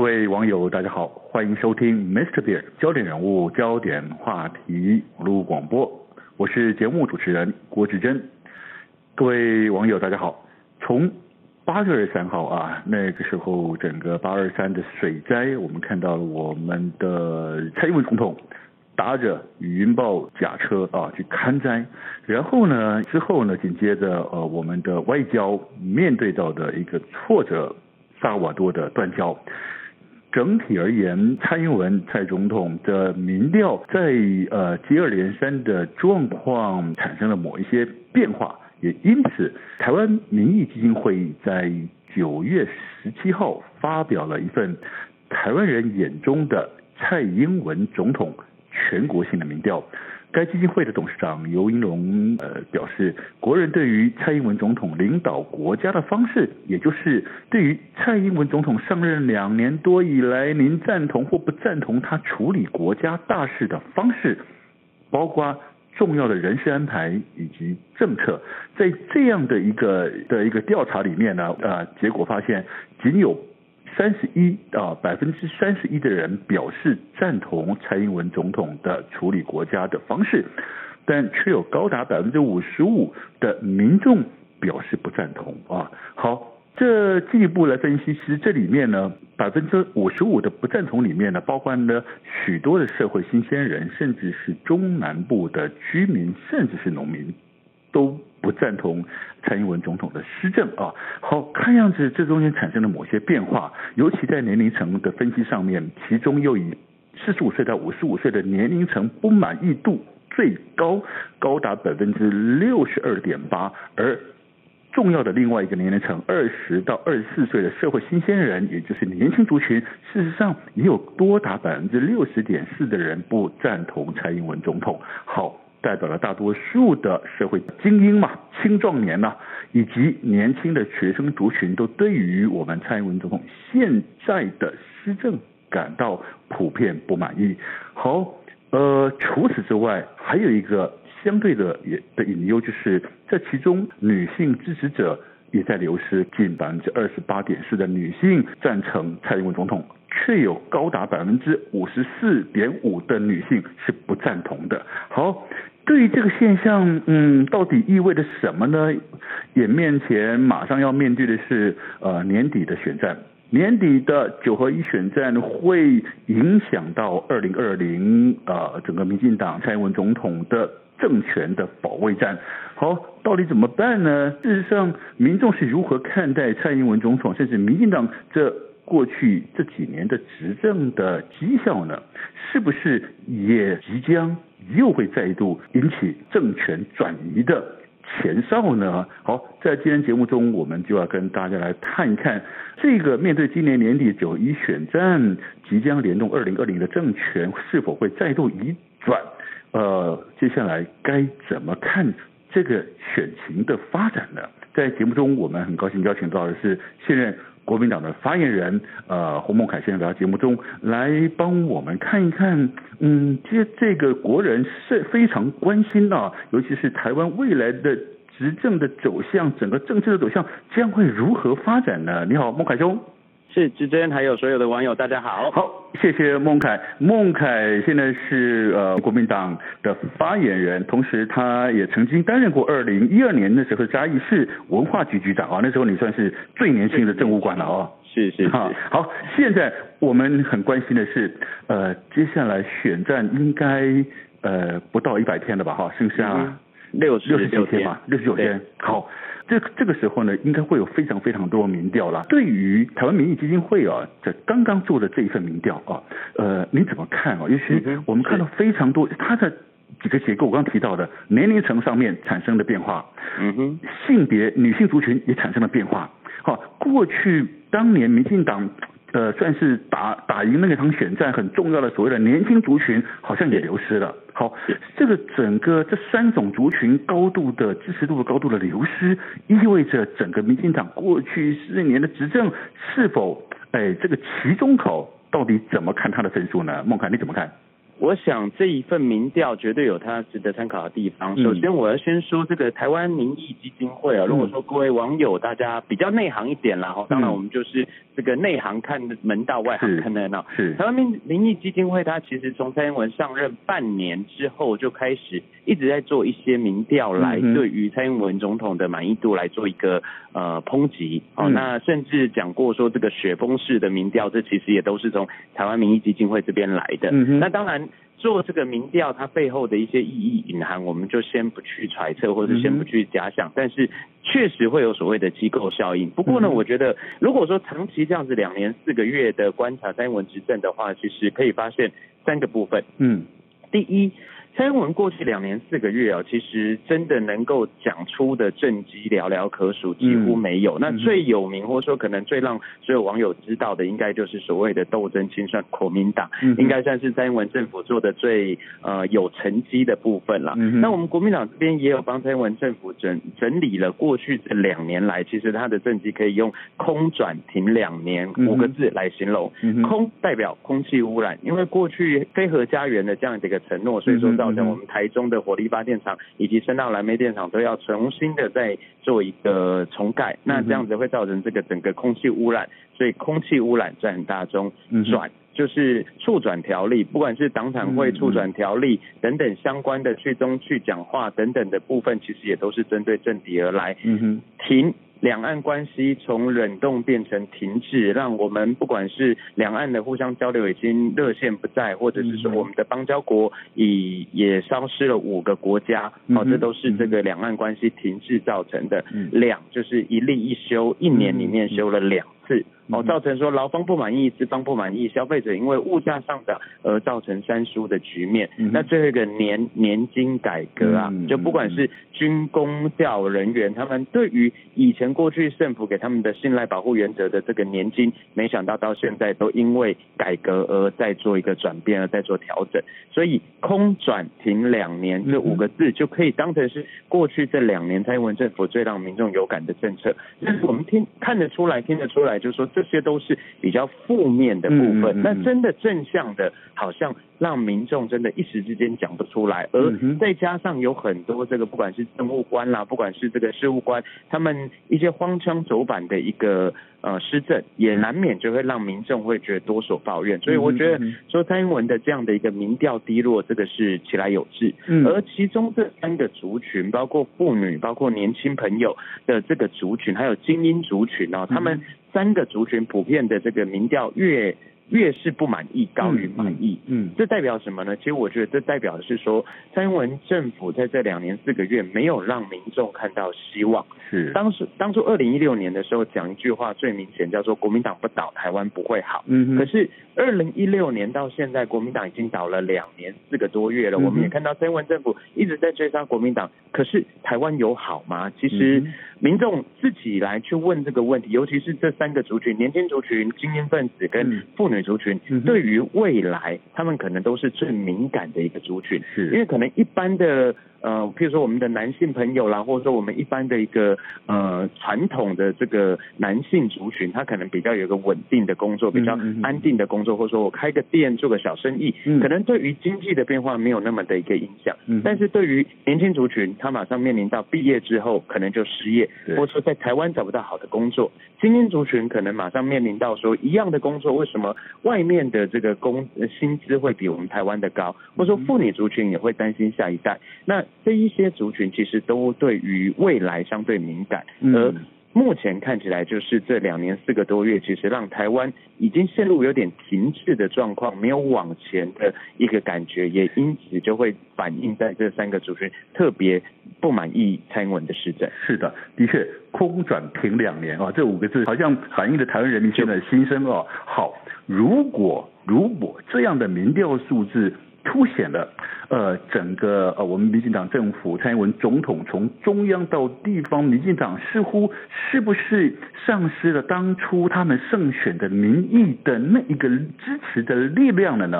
各位網友，大家好，歡迎收聽 Mr. Big 焦點人物、焦點話題網絡廣播，我是節目主持人郭志珍。各位網友，大家好。從八月二十三號啊，那個時候整個八二三的水災，我們看到了我們的蔡英文總統搭着雲豹裝甲車啊去勘災，然後呢，之後呢，緊接着呃，我們的外交面對到的一個挫折，薩瓦多的斷交。整體而言，蔡英文蔡總統的民調在呃接二連三的狀況產生了某一些變化，也因此，台灣民意基金會議在九月十七號發表了一份台灣人眼中的蔡英文總統全國性的民調。該基金會的董事長游盈隆，呃，表示，國人對於蔡英文總統領導國家的方式，也就是對於蔡英文總統上任兩年多以來，您贊同或不贊同他處理國家大事的方式，包括重要的人事安排以及政策，在這樣的一個的一個調查裡面呢，啊、呃，結果發現僅有三十一啊，百分之三十一的人表示贊同蔡英文總統的處理國家的方式，但卻有高達百分之五十五的民眾表示不贊同啊。好，這進一步來分析，其實這裡面呢，百分之五十五的不贊同裡面呢，包括呢許多的社會新鮮人，甚至是中南部的居民，甚至是農民，都。不贊同蔡英文總統的施政啊，好，看樣子這中間產生了某些變化，尤其在年齡層的分析上面，其中又以四十五歲到五十五歲的年齡層不滿意度最高，高達百分之六十二點八，而重要的另外一個年齡層二十到二十四歲的社會新鮮人，也就是年輕族群，事實上也有多達百分之六十點四的人不贊同蔡英文總統，好。代表了大多數的社會精英嘛，青壯年呢，以及年輕的學生族群，都對於我們蔡英文總統現在的施政感到普遍不滿意。好，呃，除此之外，還有一個相對的也的隱憂，就是這其中女性支持者也在流失，近百分之二十八點四的女性贊成蔡英文總統，卻有高達百分之五十四點五的女性是不贊同的。好。對於這個現象，嗯，到底意味着什麼呢？也面前馬上要面對的是呃年底的選戰，年底的九合一選戰會影響到二零二零呃整個民進黨蔡英文總統的政權的保衛戰。好，到底怎麼辦呢？事實上，民眾是如何看待蔡英文總統，甚至民進黨這過去這幾年的執政的績效呢？是不是也即將？又會再度引起政權轉移的前哨呢？好，在今天節目中，我們就要跟大家來看一看這個面對今年年底九合一選戰即將聯動二零二零的政權是否會再度移轉？呃，接下來該怎麼看這個選情的發展呢？在節目中，我們很高興邀請到的是現任。國民黨的發言人，呃，洪孟楷先生在節目中來幫我們看一看，嗯，其實這個國人是非常關心的，尤其是台灣未來的執政的走向，整個政治的走向將會如何發展呢？你好，孟楷兄。是，之爭，還有所有的網友，大家好。好，謝謝孟楷。孟楷現在是呃國民黨的發言人，同時他也曾經擔任過二零一二年的時候嘉義市文化局局長啊，哦，那時候你算是最年輕的政務官了哦。是是是，是，是、啊。好，現在我們很關心的是，呃，接下來選戰應該呃不到一百天了吧？哈，是不是啊？升升啊嗯六十九天吧，六十九天六十九天。對好，這這個時候呢，應該會有非常非常多民調了。對於台灣民意基金會啊，這剛剛做的這一份民調啊，呃，你怎麼看啊？尤其我們看到非常多、嗯、哼它的幾個結構，我剛剛提到的對年齡層上面產生的變化，嗯哼，性別，女性族群也產生了變化。好、啊，過去當年民進黨。呃，算是打打贏那一場選戰很重要的所謂的年輕族群，好像也流失了。好，這個整個這三種族群高度的支持度高度的流失，意味着整個民進黨過去四年的執政是否，哎，這個其中口到底怎麼看他的分數呢？孟楷你怎麼看？我想這一份民調絕對有它值得參考的地方。首先，我要先說這個台灣民意基金會啊，如果說各位網友大家比較內行一點啦，哈，當然我們就是這個內行看門道，外行看熱鬧。是台灣民民意基金會，它其實從蔡英文上任半年之後就開始一直在做一些民調，來對於蔡英文總統的滿意度來做一個呃抨擊。哦、嗯，那甚至講過說這個雪崩式的民調，這其實也都是從台灣民意基金會這邊來的。嗯哼，那當然。做這個民調，它背後的一些意義隱含，我們就先不去揣測，或者先不去假想。嗯、哼但是確實會有所謂的機構效應。不過呢，嗯、哼我覺得如果說長期這樣子兩年四個月的觀察蔡英文執政的話，其實可以發現三個部分。嗯，第一，蔡英文過去兩年四個月啊，其實真的能夠講出的政績寥寥可數，幾乎沒有。嗯嗯、那最有名或者說可能最讓所有網友知道的，應該就是所謂的“鬥爭清算”國民黨，嗯、應該算是蔡英文政府做的最呃有成績的部分了。嗯嗯、那我們國民黨這邊也有幫蔡英文政府整整理了過去這兩年來，其實他的政績可以用“空轉停兩年”嗯、五個字來形容。嗯嗯、空代表空氣污染，因為過去“非核家園”的這樣的一個承諾，所以說到。像我們台中的火力發電廠，以及深澳燃煤電廠，都要重新的再做一個重蓋，嗯、哼那這樣子會造成這個整個空氣污染，所以空氣污染在很大中轉，嗯、哼就是促轉條例，不管是黨產會促轉條例，嗯、哼等等相關的去中去講話等等的部分，其實也都是針對政敵而來。嗯哼，停。兩岸關係從冷凍變成停滯，讓我們不管是兩岸的互相交流已經熱線不在，或者是說我們的邦交國已也喪失了五個國家，好，這都是這個兩岸關係停滯造成的。嗯、哼兩就是一例一休，一年裡面修了兩。是哦，造成說勞方不滿意，資方不滿意，消費者因為物價上漲，而造成三輸的局面。嗯、哼那最後一個年年金改革啊，就不管是軍公教人員，嗯、哼他們對於以前過去政府給他們的信賴保護原則的這個年金，沒想到到現在都因為改革而在做一個轉變，而在做調整。所以空轉停兩年這五個字，就可以當成是過去這兩年蔡英文政府最讓民眾有感的政策。嗯、哼但是我們聽看得出來，聽得出來。就是說這些都是比較負面的部分，嗯嗯嗯，那真的正向的，好像讓民眾真的一時之間講不出來，而再加上有很多這個不管是政務官啦，不管是這個事務官，他們一些荒腔走板的一個呃施政，也難免就會讓民眾會覺得多所抱怨。所以我覺得說蔡英文的這樣的一個民調低落，這個是其來有致。嗯，而其中這三個族群，包括婦女，包括年輕朋友的這個族群，還有精英族群哦、啊，他們。三個族群普遍的這個民調越。越是不滿意高於滿意。嗯，嗯，嗯，這代表什麼呢？其實我覺得這代表的是說，蔡英文政府在這兩年四個月沒有讓民眾看到希望。是，當時當初二零一六年的時候講一句話最明顯，叫做“國民黨不倒，台灣不會好”嗯哼。嗯，可是二零一六年到現在，國民黨已經倒了兩年四個多月了。嗯、哼我們也看到蔡英文政府一直在追殺國民黨，可是台灣有好嗎？其實民眾自己來去問這個問題，尤其是這三個族群：年輕族群、精英分子跟婦女、嗯。族群、嗯、對於未來，他們可能都是最敏感的一個族群，是因為可能一般的。呃，譬如說我們的男性朋友啦，或者說我們一般的一個呃傳統的這個男性族群，他可能比較有一個穩定的工作，比較安定的工作，或者說我開個店做個小生意，嗯，可能對於經濟的變化沒有那麼的一個影響。但是對於年輕族群，他馬上面臨到畢業之後可能就失業，對或者說在台灣找不到好的工作。精英族群可能馬上面臨到說一樣的工作，為什麼外面的這個工薪資會比我們台灣的高？或者說婦女族群也會擔心下一代，那。這一些族群其實都對於未來相對敏感，而目前看起來就是這兩年四個多月，其實讓台灣已經陷入有點停滯的狀況，沒有往前的一個感覺，也因此就會反映在這三個族群特別不滿意蔡英文的施政。是的，的確空轉停兩年啊、哦，這五個字好像反映了台灣人民現在的心聲就哦。好，如果如果這樣的民調數字。凸顯了，呃，整個呃，我們民進黨政府、蔡英文總統，從中央到地方，民進黨似乎是不是喪失了當初他們勝選的民意的那一個支持的力量了呢？